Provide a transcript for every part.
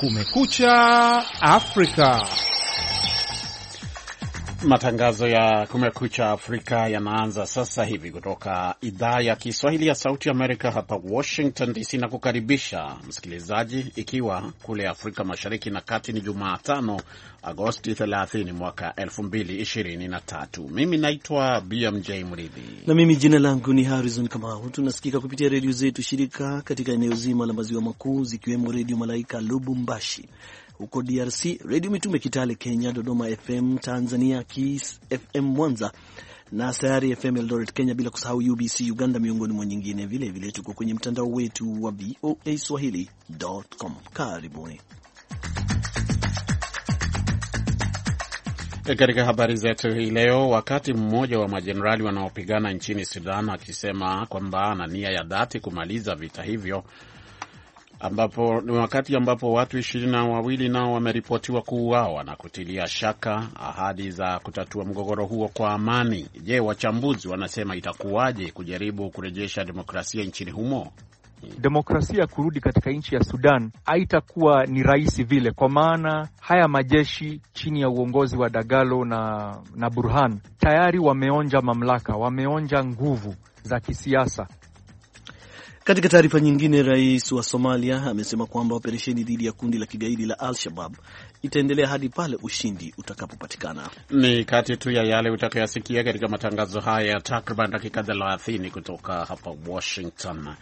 Kumekucha Afrika. Matangazo ya Kumekucha Afrika yanaanza sasa hivi kutoka idhaa ya Kiswahili ya Sauti Amerika hapa Washington DC, na kukaribisha msikilizaji, ikiwa kule Afrika Mashariki na Kati ni Jumatano, Agosti 30 mwaka 2023. Mimi naitwa BMJ Mridhi na mimi jina langu ni Harrison Kamau. Tunasikika kupitia redio zetu shirika katika eneo zima la maziwa makuu, zikiwemo Redio Malaika Lubumbashi, huko DRC, Redio Mitume Kitale Kenya, Dodoma FM Tanzania, Kiss FM Mwanza na Sayari FM Eldoret Kenya, bila kusahau UBC Uganda, miongoni mwa nyingine. Vilevile tuko kwenye mtandao wetu wa VOA Swahili.com. Karibuni e, katika habari zetu hii leo. Wakati mmoja wa majenerali wanaopigana nchini Sudan akisema kwamba ana nia ya dhati kumaliza vita hivyo ambapo ni wakati ambapo watu ishirini na wawili nao wameripotiwa kuuawa na kutilia shaka ahadi za kutatua mgogoro huo kwa amani. Je, wachambuzi wanasema itakuwaje kujaribu kurejesha demokrasia nchini humo? Demokrasia kurudi katika nchi ya Sudan haitakuwa ni rahisi vile, kwa maana haya majeshi chini ya uongozi wa Dagalo na, na Burhan tayari wameonja mamlaka, wameonja nguvu za kisiasa katika taarifa nyingine, rais wa Somalia amesema kwamba operesheni dhidi ya kundi la kigaidi la Al-Shabab itaendelea hadi pale ushindi utakapopatikana. Ni kati tu ya yale utakayasikia katika matangazo haya ya takriban dakika 30 kutoka hapa Washington.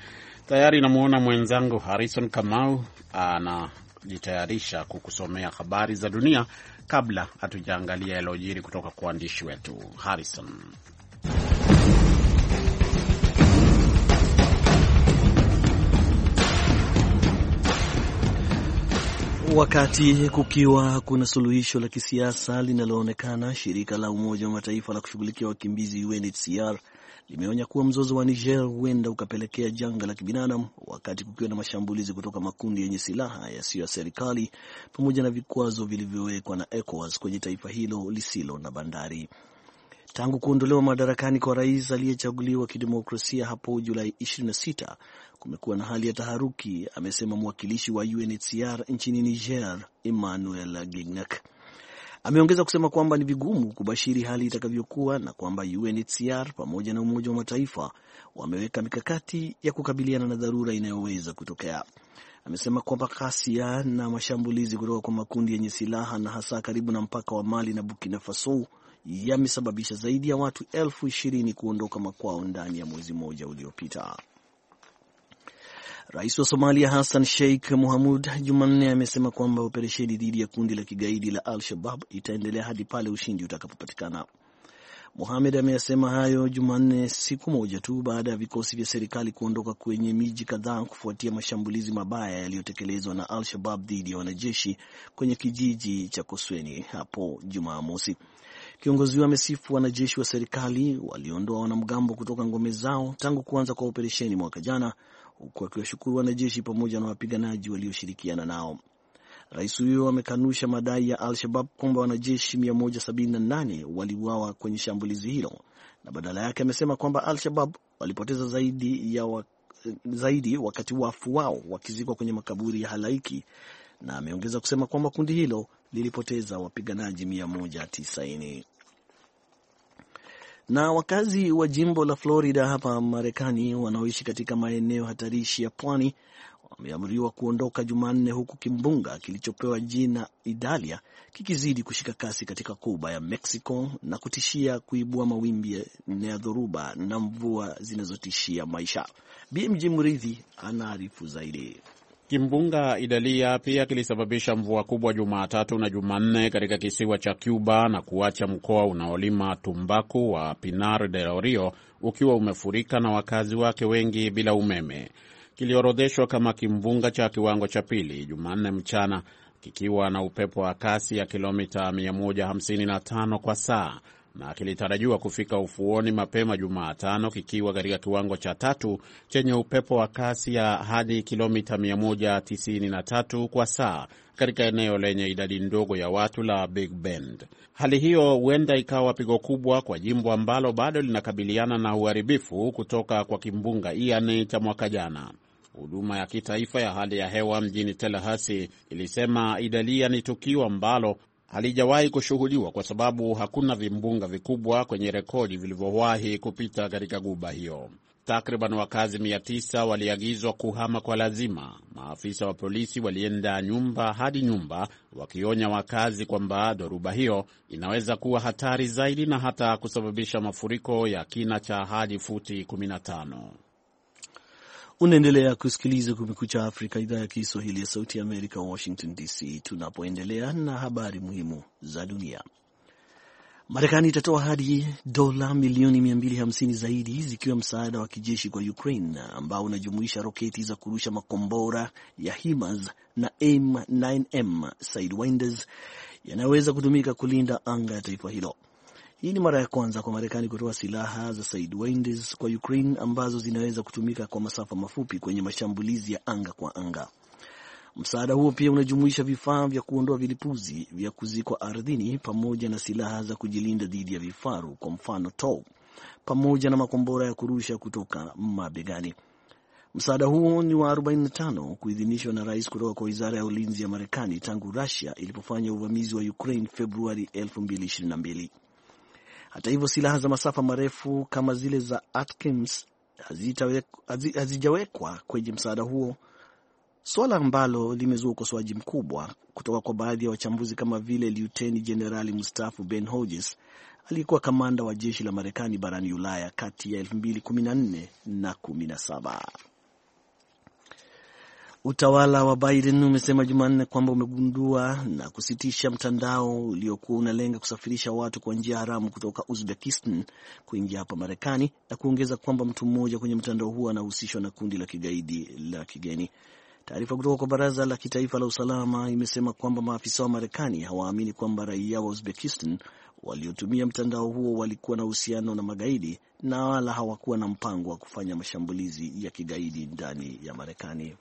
Tayari namwona mwenzangu Harrison Kamau anajitayarisha kukusomea habari za dunia kabla hatujaangalia yaliyojiri kutoka kwa waandishi wetu. Harrison. Wakati kukiwa kuna suluhisho la kisiasa linaloonekana, shirika la Umoja wa Mataifa la kushughulikia wakimbizi UNHCR limeonya kuwa mzozo wa Niger huenda ukapelekea janga la kibinadamu, wakati kukiwa na mashambulizi kutoka makundi yenye silaha yasiyo ya serikali pamoja na vikwazo vilivyowekwa na ECOWAS kwenye taifa hilo lisilo na bandari. Tangu kuondolewa madarakani kwa rais aliyechaguliwa kidemokrasia hapo Julai 26 kumekuwa na hali ya taharuki, amesema mwakilishi wa UNHCR nchini Niger, Emmanuel Gignac. Ameongeza kusema kwamba ni vigumu kubashiri hali itakavyokuwa na kwamba UNHCR pamoja na Umoja wa Mataifa wameweka mikakati ya kukabiliana na dharura inayoweza kutokea. Amesema kwamba ghasia na mashambulizi kutoka kwa makundi yenye silaha na hasa karibu na mpaka wa Mali na Burkina Faso yamesababisha zaidi ya watu elfu ishirini kuondoka makwao ndani ya mwezi mmoja uliopita. Rais wa Somalia Hassan Sheikh Muhamud Jumanne amesema kwamba operesheni dhidi ya kundi la kigaidi la Al-Shabab itaendelea hadi pale ushindi utakapopatikana. Muhamed ameyasema hayo Jumanne, siku moja tu baada ya vikosi vya serikali kuondoka kwenye miji kadhaa kufuatia mashambulizi mabaya yaliyotekelezwa na Al-Shabab dhidi ya wanajeshi kwenye kijiji cha Kosweni hapo Jumamosi. Kiongozi huyo amesifu wanajeshi wa serikali waliondoa wanamgambo kutoka ngome zao tangu kuanza kwa operesheni mwaka jana huku akiwashukuru wanajeshi pamoja na wapiganaji walioshirikiana nao. Rais huyo amekanusha madai ya Al-Shabab kwamba wanajeshi 178 waliuawa kwenye shambulizi hilo na badala yake amesema kwamba Al-Shabab walipoteza zaidi ya wa, zaidi wakati wafu wao wakizikwa kwenye makaburi ya halaiki, na ameongeza kusema kwamba kundi hilo lilipoteza wapiganaji 190. Na wakazi wa jimbo la Florida hapa Marekani wanaoishi katika maeneo hatarishi ya pwani wameamriwa kuondoka Jumanne, huku kimbunga kilichopewa jina Idalia kikizidi kushika kasi katika kuba ya Mexico na kutishia kuibua mawimbi ya dhoruba na mvua zinazotishia maisha. BMJ Murithi anaarifu zaidi. Kimbunga Idalia pia kilisababisha mvua kubwa Jumatatu na Jumanne katika kisiwa cha Cuba na kuacha mkoa unaolima tumbaku wa Pinar del Rio ukiwa umefurika na wakazi wake wengi bila umeme. Kiliorodheshwa kama kimbunga cha kiwango cha pili Jumanne mchana kikiwa na upepo wa kasi ya kilomita 155 kwa saa na kilitarajiwa kufika ufuoni mapema Jumatano kikiwa katika kiwango cha tatu chenye upepo wa kasi ya hadi kilomita 193 kwa saa katika eneo lenye idadi ndogo ya watu la Big Bend. Hali hiyo huenda ikawa pigo kubwa kwa jimbo ambalo bado linakabiliana na uharibifu kutoka kwa kimbunga Ian cha mwaka jana. Huduma ya kitaifa ya hali ya hewa mjini Tallahassee ilisema Idalia ni tukio ambalo halijawahi kushuhudiwa kwa sababu hakuna vimbunga vikubwa kwenye rekodi vilivyowahi kupita katika guba hiyo. Takriban wakazi 900 waliagizwa kuhama kwa lazima. Maafisa wa polisi walienda nyumba hadi nyumba, wakionya wakazi kwamba dhoruba hiyo inaweza kuwa hatari zaidi na hata kusababisha mafuriko ya kina cha hadi futi 15. Unaendelea kusikiliza Kumekucha Afrika, idhaa ya Kiswahili ya Sauti ya Amerika, Washington DC, tunapoendelea na habari muhimu za dunia. Marekani itatoa hadi dola milioni 250 zaidi zikiwa msaada wa kijeshi kwa Ukraine ambao unajumuisha roketi za kurusha makombora ya HIMARS na M9M Sidewinders yanayoweza kutumika kulinda anga ya taifa hilo. Hii ni mara ya kwanza kwa Marekani kutoa silaha za sidewinder kwa Ukraine ambazo zinaweza kutumika kwa masafa mafupi kwenye mashambulizi ya anga kwa anga. Msaada huo pia unajumuisha vifaa vya kuondoa vilipuzi vya kuzikwa ardhini pamoja na silaha za kujilinda dhidi ya vifaru, kwa mfano TOW, pamoja na makombora ya kurusha kutoka mabegani. Msaada huo ni wa 45 kuidhinishwa na rais kutoka kwa wizara ya ulinzi ya Marekani tangu Rusia ilipofanya uvamizi wa Ukraine Februari 2022. Hata hivyo, silaha za masafa marefu kama zile za Atkins hazijawekwa kwenye msaada huo, swala ambalo limezua ukosoaji mkubwa kutoka kwa baadhi ya wachambuzi kama vile Liuteni Jenerali mstaafu Ben Hodges aliyekuwa kamanda wa jeshi la Marekani barani Ulaya kati ya 2014 na 17. Utawala wa Biden umesema Jumanne kwamba umegundua na kusitisha mtandao uliokuwa unalenga kusafirisha watu kwa njia haramu kutoka Uzbekistan kuingia hapa Marekani na kuongeza kwamba mtu mmoja kwenye mtandao huo anahusishwa na kundi la kigaidi la kigeni. Taarifa kutoka kwa Baraza la Kitaifa la Usalama imesema kwamba maafisa wa Marekani hawaamini kwamba raia wa Uzbekistan waliotumia mtandao huo walikuwa na uhusiano na magaidi na wala hawakuwa na mpango wa kufanya mashambulizi ya kigaidi ndani ya Marekani.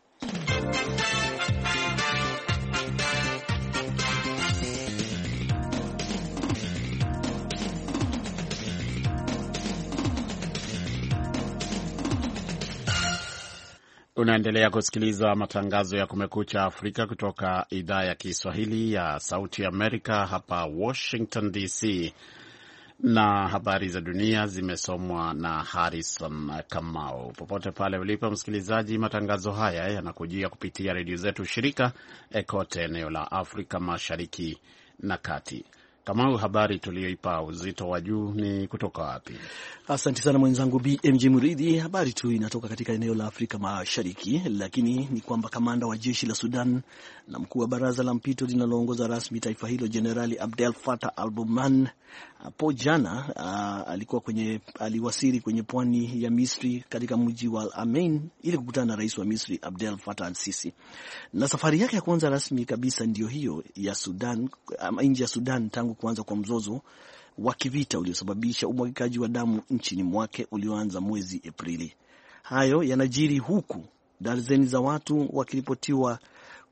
Unaendelea kusikiliza matangazo ya Kumekucha Afrika kutoka idhaa ya Kiswahili ya Sauti Amerika hapa Washington DC na habari za dunia zimesomwa na Harrison Kamau. Popote pale ulipo msikilizaji, matangazo haya yanakujia kupitia redio zetu shirika eh, kote eneo la Afrika Mashariki na Kati. Kamau, habari tuliyoipa uzito wa juu ni kutoka wapi? Asante sana mwenzangu BMJ Muridhi. Habari tu inatoka katika eneo la Afrika Mashariki, lakini ni kwamba kamanda wa jeshi la Sudan na mkuu wa baraza la mpito linaloongoza rasmi taifa hilo Jenerali Abdel Fattah al-Burhan hapo jana uh, alikuwa kwenye, aliwasili kwenye pwani ya Misri katika mji wa Amain ili kukutana na rais wa Misri Abdel Fattah al-Sisi, na safari yake ya kwanza rasmi kabisa ndiyo hiyo ya Sudan, ama nje ya Sudan tangu kuanza kwa mzozo wa kivita uliosababisha umwagikaji wa damu nchini mwake ulioanza mwezi Aprili. Hayo yanajiri huku darzeni za watu wakiripotiwa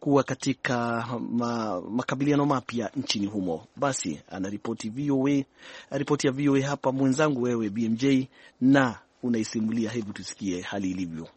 kuwa katika ma, makabiliano mapya nchini humo. Basi anaripoti VOA, ripoti ya VOA hapa mwenzangu wewe BMJ, na unaisimulia. Hebu tusikie hali ilivyo.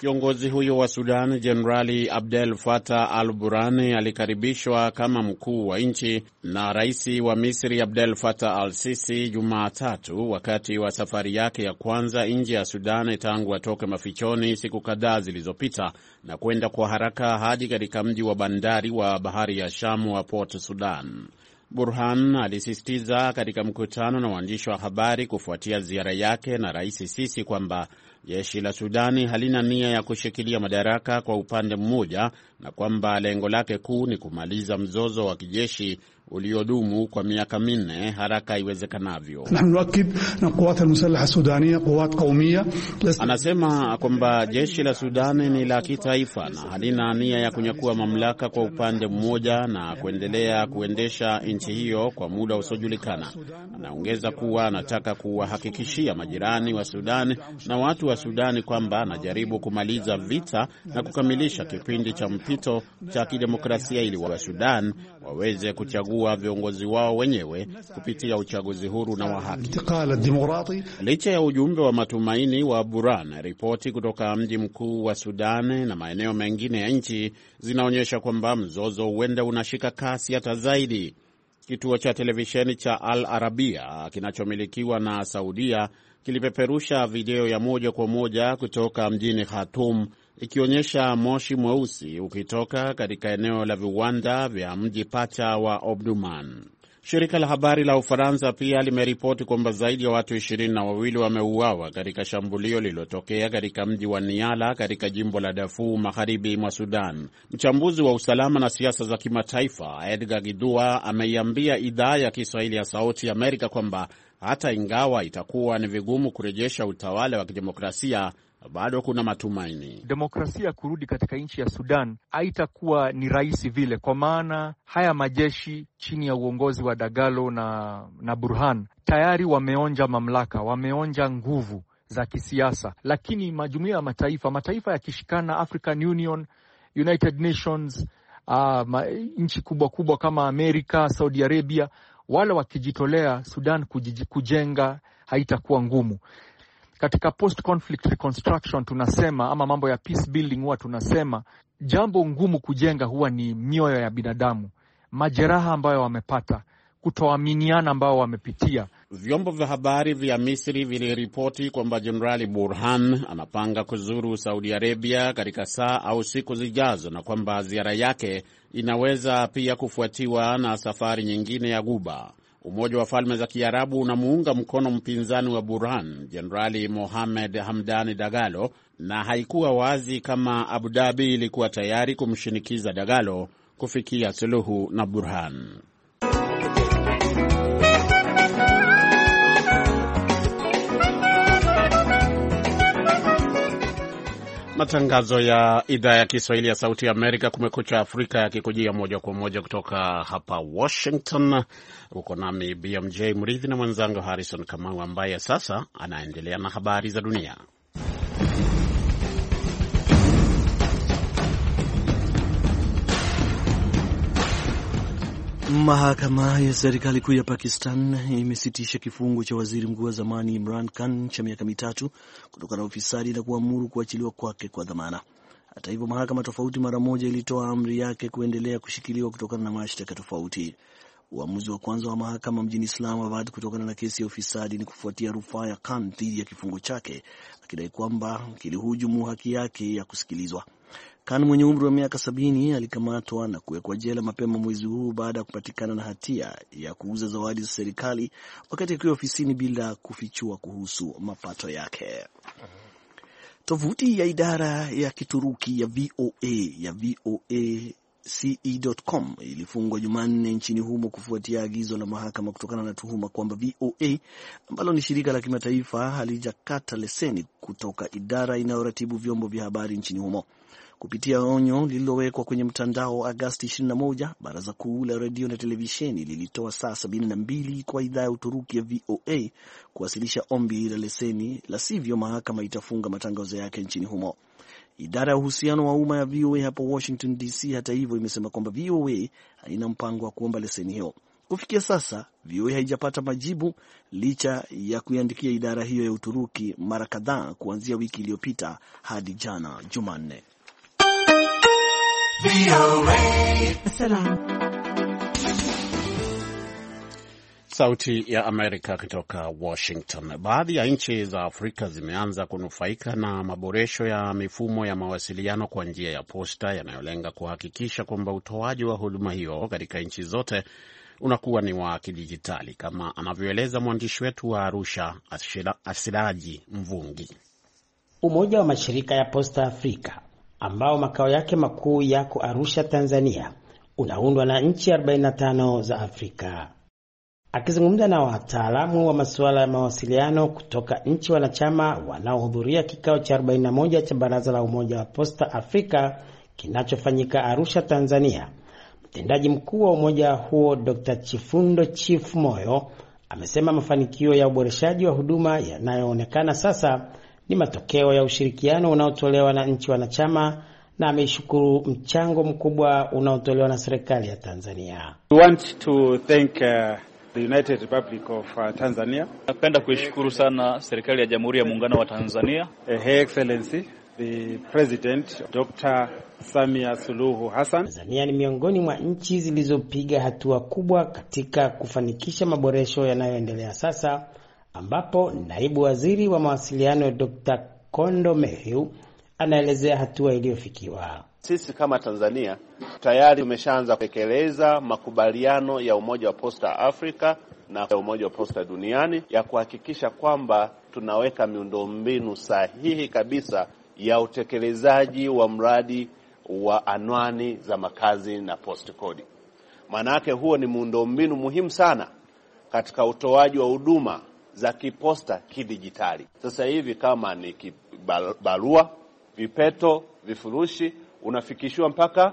Kiongozi huyo wa Sudan, Jenerali Abdel Fattah al Burhani, alikaribishwa kama mkuu wa nchi na rais wa Misri Abdel Fattah al Sisi Jumatatu, wakati wa safari yake ya kwanza nje ya Sudan tangu atoke mafichoni siku kadhaa zilizopita na kwenda kwa haraka hadi katika mji wa bandari wa bahari ya Shamu wa Port Sudan. Burhan alisisitiza katika mkutano na waandishi wa habari kufuatia ziara yake na rais Sisi kwamba jeshi la Sudani halina nia ya kushikilia madaraka kwa upande mmoja na kwamba lengo lake kuu ni kumaliza mzozo wa kijeshi uliodumu kwa miaka minne haraka iwezekanavyo. Anasema kwamba jeshi la Sudani ni la kitaifa na halina nia ya kunyakua mamlaka kwa upande mmoja na kuendelea kuendesha nchi hiyo kwa muda usiojulikana. Anaongeza kuwa anataka kuwahakikishia majirani wa Sudani na watu wa Sudani kwamba anajaribu kumaliza vita na kukamilisha kipindi cha mpito cha kidemokrasia ili wa Sudan waweze kuchagua kuchagua viongozi wao wenyewe kupitia uchaguzi huru na wa haki. Licha ya ujumbe wa matumaini wa Buran, ripoti kutoka mji mkuu wa Sudan na maeneo mengine ya nchi zinaonyesha kwamba mzozo huenda unashika kasi hata zaidi. Kituo cha televisheni cha Al Arabia kinachomilikiwa na Saudia kilipeperusha video ya moja kwa moja kutoka mjini Khartoum ikionyesha moshi mweusi ukitoka katika eneo la viwanda vya mji pacha wa obduman Shirika la habari la Ufaransa pia limeripoti kwamba zaidi ya watu ishirini na wawili wameuawa katika shambulio lililotokea katika mji wa Niala katika jimbo la Dafu magharibi mwa Sudan. Mchambuzi wa usalama na siasa za kimataifa Edgar Gidua ameiambia idhaa ya Kiswahili ya Sauti Amerika kwamba hata ingawa itakuwa ni vigumu kurejesha utawala wa kidemokrasia bado kuna matumaini. Demokrasia kurudi katika nchi ya Sudan haitakuwa ni rahisi vile, kwa maana haya majeshi chini ya uongozi wa Dagalo na, na Burhan tayari wameonja mamlaka, wameonja nguvu za kisiasa, lakini majumuia ya mataifa mataifa yakishikana, African Union, United Nations, uh, nchi kubwa kubwa kama Amerika, Saudi Arabia, wale wakijitolea, Sudan kujenga haitakuwa ngumu katika post conflict reconstruction tunasema, ama mambo ya peace building, huwa tunasema jambo ngumu kujenga huwa ni mioyo ya binadamu, majeraha ambayo wamepata, kutoaminiana ambao wamepitia. Vyombo vya habari vya Misri viliripoti kwamba Jenerali Burhan anapanga kuzuru Saudi Arabia katika saa au siku zijazo na kwamba ziara yake inaweza pia kufuatiwa na safari nyingine ya Guba. Umoja wa Falme za Kiarabu unamuunga mkono mpinzani wa Burhan, Jenerali Mohamed Hamdani Dagalo, na haikuwa wazi kama Abu Dhabi ilikuwa tayari kumshinikiza Dagalo kufikia suluhu na Burhan. Matangazo ya idhaa ya Kiswahili ya Sauti ya Amerika, Kumekucha Afrika, yakikujia moja kwa moja kutoka hapa Washington. Uko nami BMJ Mridhi na mwenzangu Harrison Kamau ambaye sasa anaendelea na habari za dunia. Mahakama ya serikali kuu ya Pakistan imesitisha kifungo cha waziri mkuu wa zamani Imran Khan cha miaka mitatu kutokana na ufisadi na kuamuru kuachiliwa kwake kwa dhamana. Hata hivyo, mahakama tofauti mara moja ilitoa amri yake kuendelea kushikiliwa kutokana na mashtaka tofauti. Uamuzi wa kwanza wa mahakama mjini Islamabad kutokana na kesi ya ufisadi ni kufuatia rufaa ya Khan dhidi ya kifungo chake akidai kwamba kilihujumu haki yake ya kusikilizwa. Khan mwenye umri wa miaka sabini alikamatwa na kuwekwa jela mapema mwezi huu baada ya kupatikana na hatia ya kuuza zawadi za serikali wakati akiwa ofisini bila kufichua kuhusu mapato yake. Tovuti ya idara ya Kituruki ya VOA ya VOA ce.com ilifungwa Jumanne nchini humo kufuatia agizo la mahakama kutokana na tuhuma kwamba VOA ambalo ni shirika la kimataifa halijakata leseni kutoka idara inayoratibu vyombo vya habari nchini humo. Kupitia onyo lililowekwa kwenye mtandao Agasti 21, baraza kuu la redio na televisheni lilitoa saa 72 kwa idhaa ya Uturuki ya VOA kuwasilisha ombi la leseni, la sivyo mahakama itafunga matangazo yake nchini humo. Idara ya uhusiano wa umma ya VOA hapo Washington DC, hata hivyo, imesema kwamba VOA haina mpango wa kuomba leseni hiyo. Kufikia sasa VOA haijapata majibu licha ya kuiandikia idara hiyo ya Uturuki mara kadhaa kuanzia wiki iliyopita hadi jana Jumanne. Sauti ya Amerika kutoka Washington. Baadhi ya nchi za Afrika zimeanza kunufaika na maboresho ya mifumo ya mawasiliano kwa njia ya posta yanayolenga kuhakikisha kwamba utoaji wa huduma hiyo katika nchi zote unakuwa ni wa kidijitali, kama anavyoeleza mwandishi wetu wa Arusha, Asiraji Mvungi. Umoja wa mashirika ya posta Afrika ambao makao yake makuu yako Arusha, Tanzania, unaundwa na nchi 45 za Afrika. Akizungumza na wataalamu wa masuala ya mawasiliano kutoka nchi wanachama wanaohudhuria kikao cha 41 cha Baraza la Umoja wa Posta Afrika kinachofanyika Arusha, Tanzania, mtendaji mkuu wa umoja huo Dr. Chifundo Chief Moyo amesema mafanikio ya uboreshaji wa huduma yanayoonekana sasa ni matokeo ya ushirikiano unaotolewa na nchi wanachama na ameishukuru mchango mkubwa unaotolewa na serikali ya Tanzania. We want to thank, uh, the United Republic of uh, Tanzania. Napenda kuishukuru sana serikali ya Jamhuri ya Muungano wa Tanzania. Uh, Her Excellency the President Dr. Samia Suluhu Hassan. Tanzania ni miongoni mwa nchi zilizopiga hatua kubwa katika kufanikisha maboresho yanayoendelea sasa ambapo naibu waziri wa mawasiliano Dr. Kondo Mathew anaelezea hatua iliyofikiwa. Sisi kama Tanzania tayari tumeshaanza kutekeleza makubaliano ya Umoja wa Posta Afrika na Umoja wa Posta Duniani ya kuhakikisha kwamba tunaweka miundombinu sahihi kabisa ya utekelezaji wa mradi wa anwani za makazi na post kodi. Maana yake huo ni muundombinu muhimu sana katika utoaji wa huduma za kiposta kidijitali. Sasa hivi kama ni kibarua vipeto, vifurushi, unafikishiwa mpaka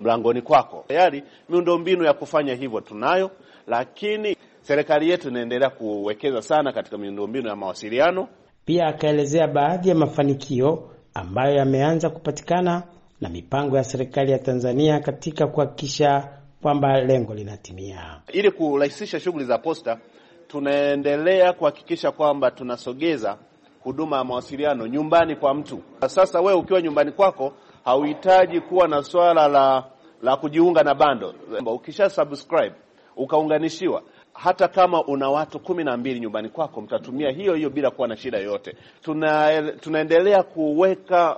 mlangoni kwako. Tayari miundombinu ya kufanya hivyo tunayo, lakini serikali yetu inaendelea kuwekeza sana katika miundombinu ya mawasiliano. Pia akaelezea baadhi ya mafanikio ambayo yameanza kupatikana na mipango ya serikali ya Tanzania katika kuhakikisha kwamba lengo linatimia. Ili kurahisisha shughuli za posta, tunaendelea kuhakikisha kwamba tunasogeza huduma ya mawasiliano nyumbani kwa mtu. Sasa we ukiwa nyumbani kwako hauhitaji kuwa na swala la la kujiunga na bando. Ukisha subscribe ukaunganishiwa, hata kama una watu kumi na mbili nyumbani kwako, mtatumia hiyo hiyo bila kuwa na shida yoyote. Tuna, tunaendelea kuweka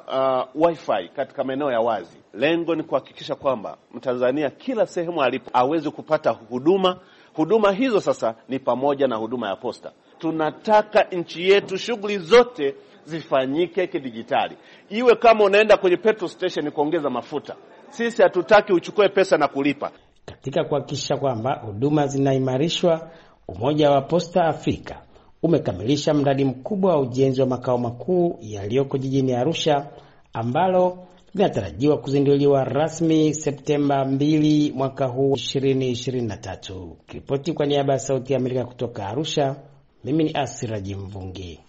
uh, wifi katika maeneo ya wazi. Lengo ni kuhakikisha kwamba Mtanzania kila sehemu alipo aweze kupata huduma Huduma hizo sasa ni pamoja na huduma ya posta. Tunataka nchi yetu shughuli zote zifanyike kidijitali, iwe kama unaenda kwenye petrol station kuongeza mafuta. Sisi hatutaki uchukue pesa na kulipa. Katika kuhakikisha kwamba huduma zinaimarishwa, Umoja wa Posta Afrika umekamilisha mradi mkubwa wa ujenzi wa makao makuu yaliyoko jijini Arusha ambalo vinatarajiwa kuzinduliwa rasmi Septemba 2 mwaka huu 2023. Kiripoti kwa niaba ya Sauti ya Amerika kutoka Arusha, mimi ni Asiraji Mvungi.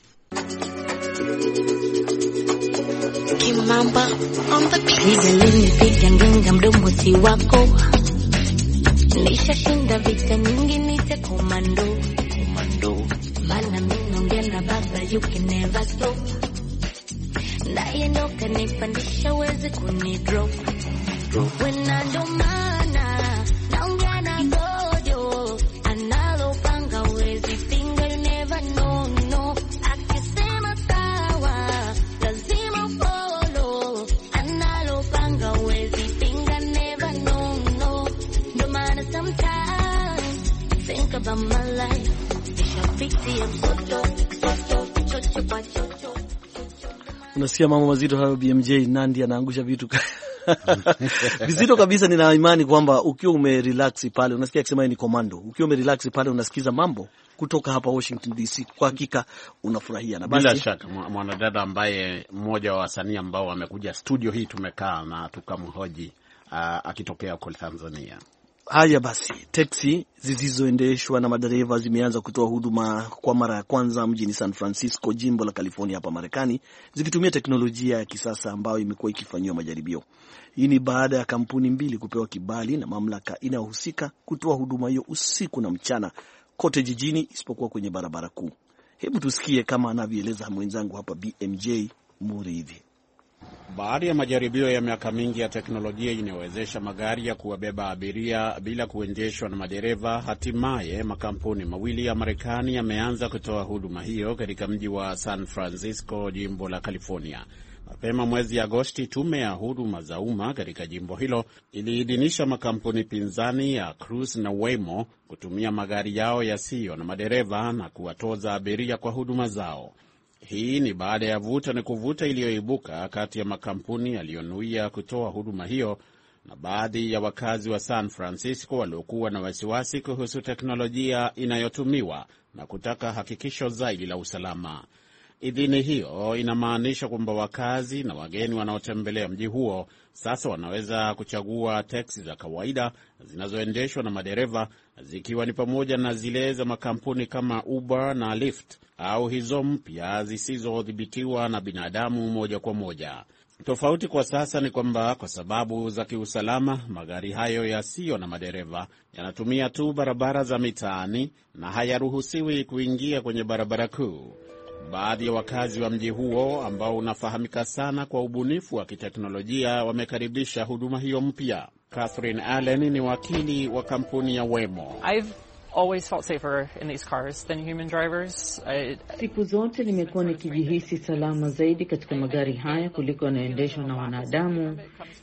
Kimamba on the piga lini piga mdomo si wako, nishashinda vita nyingi nite komando komando, mana na baba you can never stop Naendoka nipandisha uweze kunidrop wena ndo mana naongea na gojo analopanga wezi pinga, you never know no, akisema sawa lazima follow, analopanga uwezi pinga, never know no, ndo mana sometimes think about my life, nishapitia mtoto toto chochopacho Unasikia mambo mazito hayo, BMJ Nandi anaangusha vitu vizito kabisa. Nina imani kwamba ukiwa umerelax pale, unasikia akisema ni komando, ukiwa umerelax pale unasikiza mambo kutoka hapa Washington DC, kwa hakika unafurahia. Na basi bila shaka mwanadada ambaye mmoja wa wasanii ambao wamekuja studio hii tumekaa na tukamhoji, uh, akitokea huko Tanzania Haya basi, teksi zisizoendeshwa na madereva zimeanza kutoa huduma kwa mara ya kwanza mjini San Francisco, jimbo la California hapa Marekani, zikitumia teknolojia ya kisasa ambayo imekuwa ikifanyiwa majaribio. Hii ni baada ya kampuni mbili kupewa kibali na mamlaka inayohusika kutoa huduma hiyo usiku na mchana kote jijini, isipokuwa kwenye barabara kuu. Hebu tusikie kama anavyoeleza mwenzangu hapa BMJ Muridhi baada ya majaribio ya miaka mingi ya teknolojia inayowezesha magari ya kuwabeba abiria bila kuendeshwa na madereva, hatimaye makampuni mawili ya Marekani yameanza kutoa huduma hiyo katika mji wa San Francisco, jimbo la California. Mapema mwezi Agosti, tume ya huduma za umma katika jimbo hilo iliidhinisha makampuni pinzani ya Cruise na Waymo kutumia magari yao yasiyo na madereva na kuwatoza abiria kwa huduma zao. Hii ni baada ya vuta ni kuvuta iliyoibuka kati ya makampuni yaliyonuia kutoa huduma hiyo na baadhi ya wakazi wa San Francisco waliokuwa na wasiwasi kuhusu teknolojia inayotumiwa na kutaka hakikisho zaidi la usalama. Idhini hiyo inamaanisha kwamba wakazi na wageni wanaotembelea mji huo sasa wanaweza kuchagua teksi za kawaida zinazoendeshwa na madereva, zikiwa ni pamoja na zile za makampuni kama Uber na Lyft au hizo mpya zisizodhibitiwa na binadamu moja kwa moja. Tofauti kwa sasa ni kwamba kwa sababu za kiusalama, magari hayo yasiyo na madereva yanatumia tu barabara za mitaani na hayaruhusiwi kuingia kwenye barabara kuu. Baadhi ya wakazi wa mji huo ambao unafahamika sana kwa ubunifu wa kiteknolojia wamekaribisha huduma hiyo mpya. Catherine Allen ni wakili wa kampuni ya Wemo. I've... Siku zote nimekuwa nikijihisi salama zaidi katika magari haya kuliko yanayoendeshwa na wanadamu.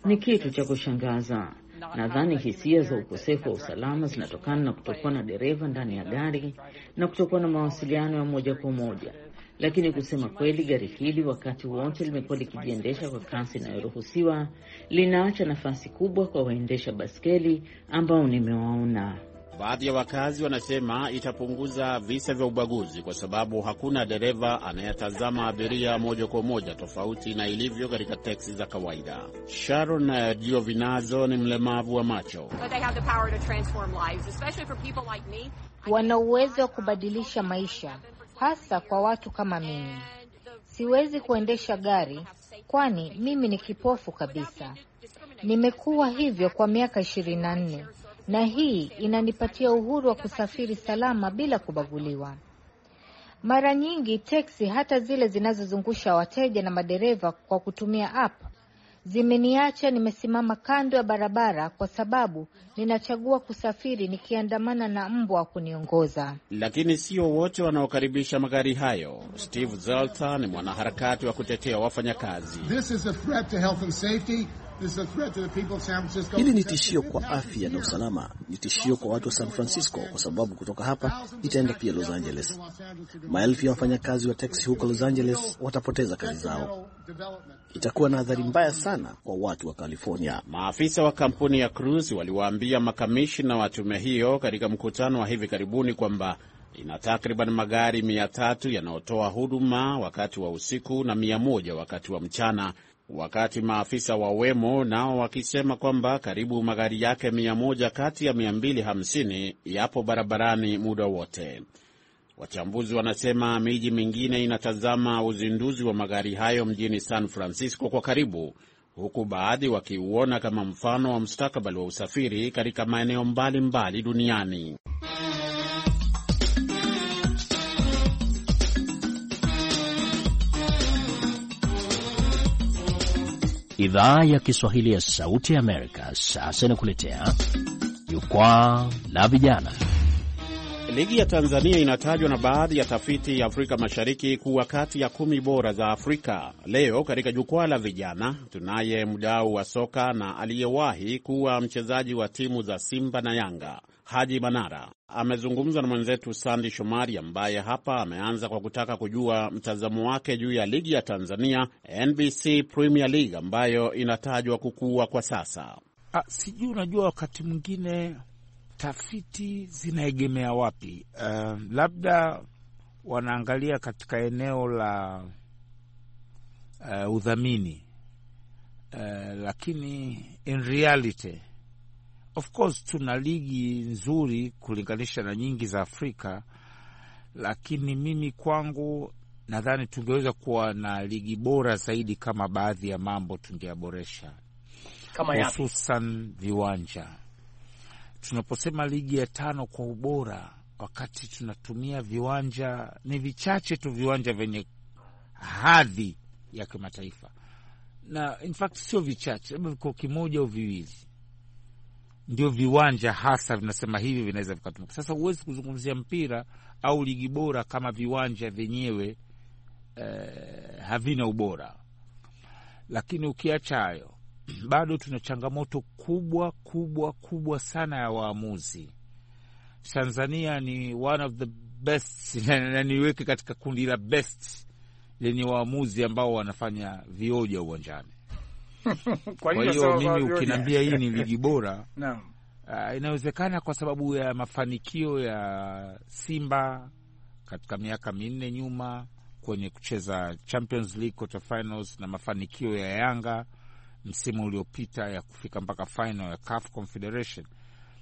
Ni kitu cha kushangaza. Nadhani hisia za ukosefu wa usalama zinatokana na kutokuwa na dereva ndani ya gari na kutokuwa na mawasiliano ya moja kwa moja. Lakini kusema kweli, gari hili wakati wote limekuwa likijiendesha kwa kasi inayoruhusiwa, linaacha nafasi kubwa kwa waendesha baskeli ambao nimewaona. Baadhi ya wakazi wanasema itapunguza visa vya ubaguzi kwa sababu hakuna dereva anayetazama abiria moja kwa moja tofauti na ilivyo katika teksi za kawaida. Sharon Giovinazo ni mlemavu wa macho. wana uwezo wa kubadilisha maisha, hasa kwa watu kama mimi. Siwezi kuendesha gari kwani mimi ni kipofu kabisa. Nimekuwa hivyo kwa miaka ishirini na nne na hii inanipatia uhuru wa kusafiri salama bila kubaguliwa. Mara nyingi teksi, hata zile zinazozungusha wateja na madereva kwa kutumia app, zimeniacha nimesimama kando ya barabara kwa sababu ninachagua kusafiri nikiandamana na mbwa wa kuniongoza. Lakini sio wote wanaokaribisha magari hayo. Steve Zelta ni mwanaharakati wa kutetea wafanyakazi. This is a threat to health and safety Hili ni tishio kwa afya na usalama, ni tishio kwa watu wa San Francisco kwa sababu kutoka hapa itaenda pia Los Angeles. Maelfu ya wafanyakazi wa teksi huko Los Angeles watapoteza kazi zao. Itakuwa na athari mbaya sana kwa watu wa California. Maafisa wa kampuni ya Cruise waliwaambia makamishna wa tume hiyo katika mkutano wa hivi karibuni kwamba ina takriban magari mia tatu yanayotoa huduma wakati wa usiku na mia moja wakati wa mchana wakati maafisa wa Wemo nao wakisema kwamba karibu magari yake 100 kati ya 250 yapo barabarani muda wote. Wachambuzi wanasema miji mingine inatazama uzinduzi wa magari hayo mjini San Francisco kwa karibu, huku baadhi wakiuona kama mfano wa mustakabali wa usafiri katika maeneo mbalimbali mbali duniani. Idhaa ya Kiswahili ya Sauti ya Amerika sasa inakuletea jukwaa la vijana. Ligi ya Tanzania inatajwa na baadhi ya tafiti ya Afrika Mashariki kuwa kati ya kumi bora za Afrika. Leo katika jukwaa la vijana tunaye mdau wa soka na aliyewahi kuwa mchezaji wa timu za Simba na Yanga Haji Manara amezungumza na mwenzetu Sandi Shomari ambaye hapa ameanza kwa kutaka kujua mtazamo wake juu ya ligi ya Tanzania NBC Premier League ambayo inatajwa kukua kwa sasa. Ah, sijui unajua, wakati mwingine tafiti zinaegemea wapi? Uh, labda wanaangalia katika eneo la uh, udhamini uh, lakini in reality Of course tuna ligi nzuri kulinganisha na nyingi za Afrika, lakini mimi kwangu nadhani tungeweza kuwa na ligi bora zaidi kama baadhi ya mambo tungeyaboresha, hususan viwanja. Tunaposema ligi ya tano kwa ubora, wakati tunatumia viwanja ni vichache tu, viwanja vyenye hadhi ya kimataifa, na in fact sio vichache, labda viko kimoja au viwili ndio viwanja hasa vinasema hivi vinaweza vikatumika. Sasa huwezi kuzungumzia mpira au ligi bora kama viwanja vyenyewe eh, havina ubora. Lakini ukiacha hayo, bado tuna changamoto kubwa kubwa kubwa sana ya waamuzi. Tanzania ni one of the best, na niweke katika kundi la best lenye waamuzi ambao wanafanya vioja uwanjani Kwa hiyo mimi ukiniambia hii ni ligi bora naam. Uh, inawezekana kwa sababu ya mafanikio ya Simba katika miaka minne nyuma kwenye kucheza Champions League quarter finals na mafanikio ya Yanga msimu uliopita ya kufika mpaka final ya CAF Confederation,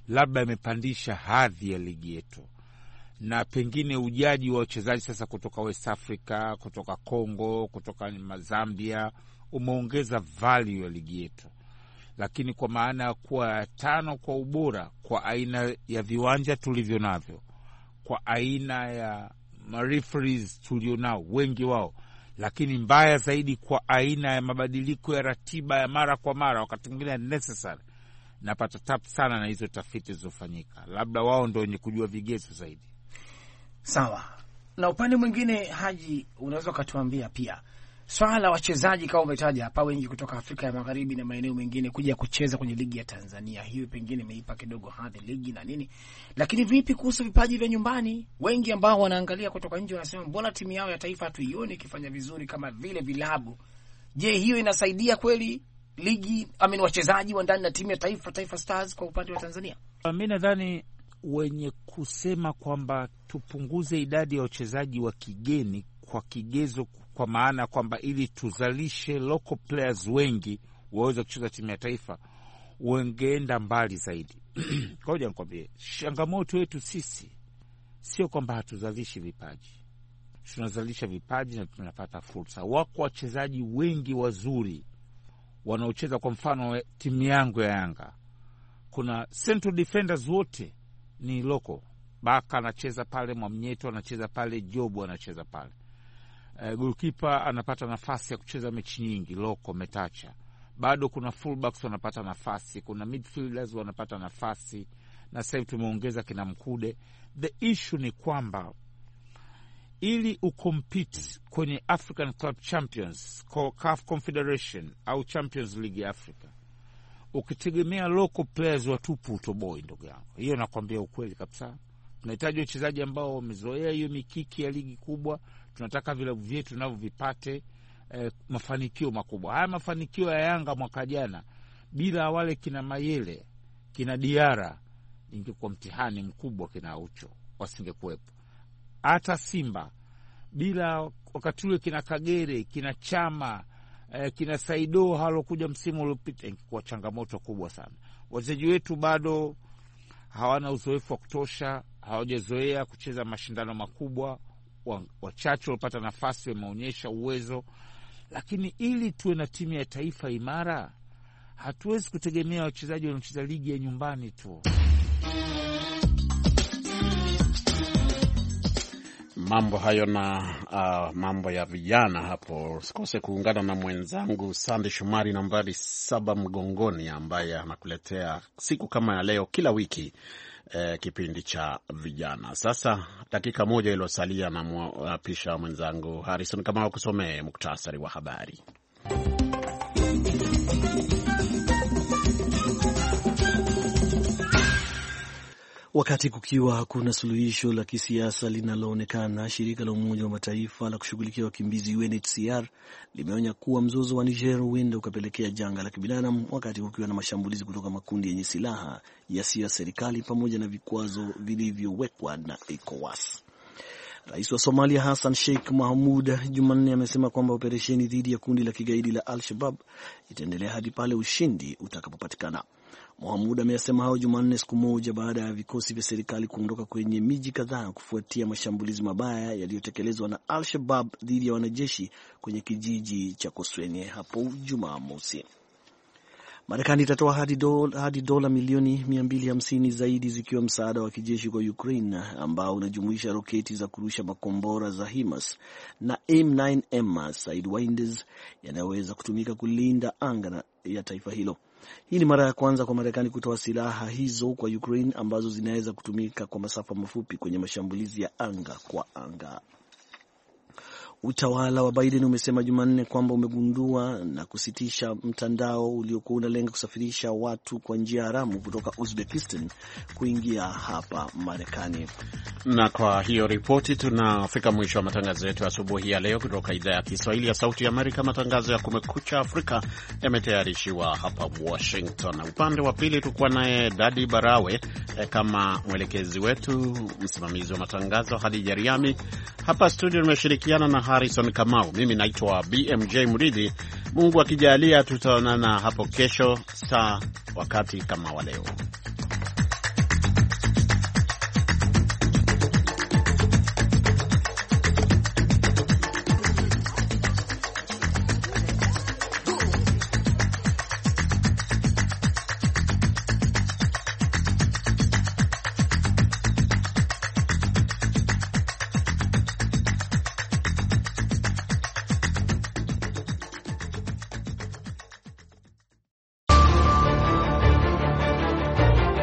labda imepandisha hadhi ya ligi yetu, na pengine ujaji wa wachezaji sasa kutoka West Africa, kutoka Congo, kutoka Zambia umeongeza value ya ligi yetu, lakini kwa maana ya kuwa ya tano kwa ubora, kwa aina ya viwanja tulivyo navyo, kwa aina ya referees tulionao wengi wao, lakini mbaya zaidi kwa aina ya mabadiliko ya ratiba ya mara kwa mara, wakati mwingine necessary. Napata tap sana na hizo tafiti zilizofanyika, labda wao ndo wenye kujua vigezo zaidi. Sawa. Na upande mwingine, Haji, unaweza ukatuambia pia swala la wachezaji kama umetaja hapa, wengi kutoka Afrika ya Magharibi na maeneo mengine kuja kucheza kwenye ligi ya Tanzania, hiyo pengine imeipa kidogo hadhi ligi na nini. Lakini vipi kuhusu vipaji vya nyumbani? Wengi ambao wanaangalia kutoka nje wanasema mbona timu yao ya taifa hatuioni ikifanya vizuri kama vile vilabu? Je, hiyo inasaidia kweli ligi amen, wachezaji wa ndani na timu ya taifa, Taifa Stars kwa upande wa Tanzania? Ah, mi nadhani wenye kusema kwamba tupunguze idadi ya wachezaji wa kigeni kwa kigezo kwa maana ya kwamba ili tuzalishe local players wengi waweze kucheza timu ya taifa, wengeenda mbali zaidi. Ngoja nikwambie, changamoto yetu sisi sio kwamba hatuzalishi vipaji, tunazalisha vipaji na tunapata fursa. Wako wachezaji wengi wazuri wanaocheza, kwa mfano timu yangu ya Yanga, kuna central defenders wote ni loko Baka anacheza pale, Mwamnyeto anacheza pale, Jobu anacheza pale e, eh, golkipa anapata nafasi ya kucheza mechi nyingi, loko metacha bado kuna fullbacks wanapata nafasi, kuna midfielders wanapata nafasi, na sasa hivi tumeongeza kina Mkude. The issue ni kwamba ili ucompete kwenye African Club Champions, CAF Confederation au Champions League ya Africa, ukitegemea local players watupu, utoboi ndugu yangu. Hiyo nakwambia ukweli kabisa. Tunahitaji wachezaji ambao wamezoea hiyo mikiki ya ligi kubwa tunataka vilabu vyetu navyo vipate eh, mafanikio makubwa. Haya mafanikio ya Yanga mwaka jana bila wale kina Mayele kina Diara ingekuwa mtihani mkubwa, kina Ucho wasingekuwepo. Hata Simba bila wakati ule kina Kagere kina Chama eh, kina Saido halokuja msimu uliopita ingekuwa changamoto kubwa sana. Wachezaji wetu bado hawana uzoefu wa kutosha, hawajazoea kucheza mashindano makubwa, wachache walipata nafasi, wameonyesha uwezo, lakini ili tuwe na timu ya taifa imara, hatuwezi kutegemea wachezaji wanaocheza ligi ya nyumbani tu. Mambo hayo na uh, mambo ya vijana hapo. Usikose kuungana na mwenzangu Sande shumari nambari saba mgongoni, ambaye anakuletea siku kama ya leo kila wiki eh, kipindi cha vijana. Sasa dakika moja iliyosalia, namwapisha mwenzangu harison Kamau kusomee muktasari wa habari. Wakati kukiwa hakuna suluhisho la kisiasa linaloonekana, shirika la Umoja wa Mataifa la kushughulikia wakimbizi UNHCR limeonya kuwa mzozo wa Niger huenda ukapelekea janga la kibinadamu, wakati kukiwa na mashambulizi kutoka makundi yenye silaha yasiyo ya serikali pamoja na vikwazo vilivyowekwa na ECOWAS. Rais wa Somalia Hassan Sheikh Mahmud Jumanne amesema kwamba operesheni dhidi ya kundi la kigaidi la Al-Shabab itaendelea hadi pale ushindi utakapopatikana. Mohamud amesema hayo Jumanne, siku moja baada ya vikosi vya serikali kuondoka kwenye miji kadhaa kufuatia mashambulizi mabaya yaliyotekelezwa na Al-Shabab dhidi ya wanajeshi kwenye kijiji cha Koswenye hapo Jumamosi. Marekani itatoa hadi dola, dola milioni 250 zaidi zikiwa msaada wa kijeshi kwa Ukraine ambao unajumuisha roketi za kurusha makombora za HIMARS na M9M Sidewinders yanayoweza kutumika kulinda anga ya taifa hilo. Hii ni mara ya kwanza kwa Marekani kutoa silaha hizo kwa Ukraine ambazo zinaweza kutumika kwa masafa mafupi kwenye mashambulizi ya anga kwa anga. Utawala wa Biden umesema Jumanne kwamba umegundua na kusitisha mtandao uliokuwa unalenga kusafirisha watu kwa njia haramu kutoka Uzbekistan kuingia hapa Marekani. Na kwa hiyo ripoti, tunafika mwisho wa matangazo yetu asubuhi ya leo kutoka idhaa ya Kiswahili ya Sauti ya Amerika. Matangazo ya Kumekucha Afrika yametayarishiwa hapa Washington. Upande wa pili tulikuwa naye Dadi Barawe eh, kama mwelekezi wetu, msimamizi wa matangazo Hadija Riami. Hapa studio nimeshirikiana na Harrison Kamau. Mimi naitwa BMJ Mridhi. Mungu akijalia, tutaonana hapo kesho saa wakati kama wa leo.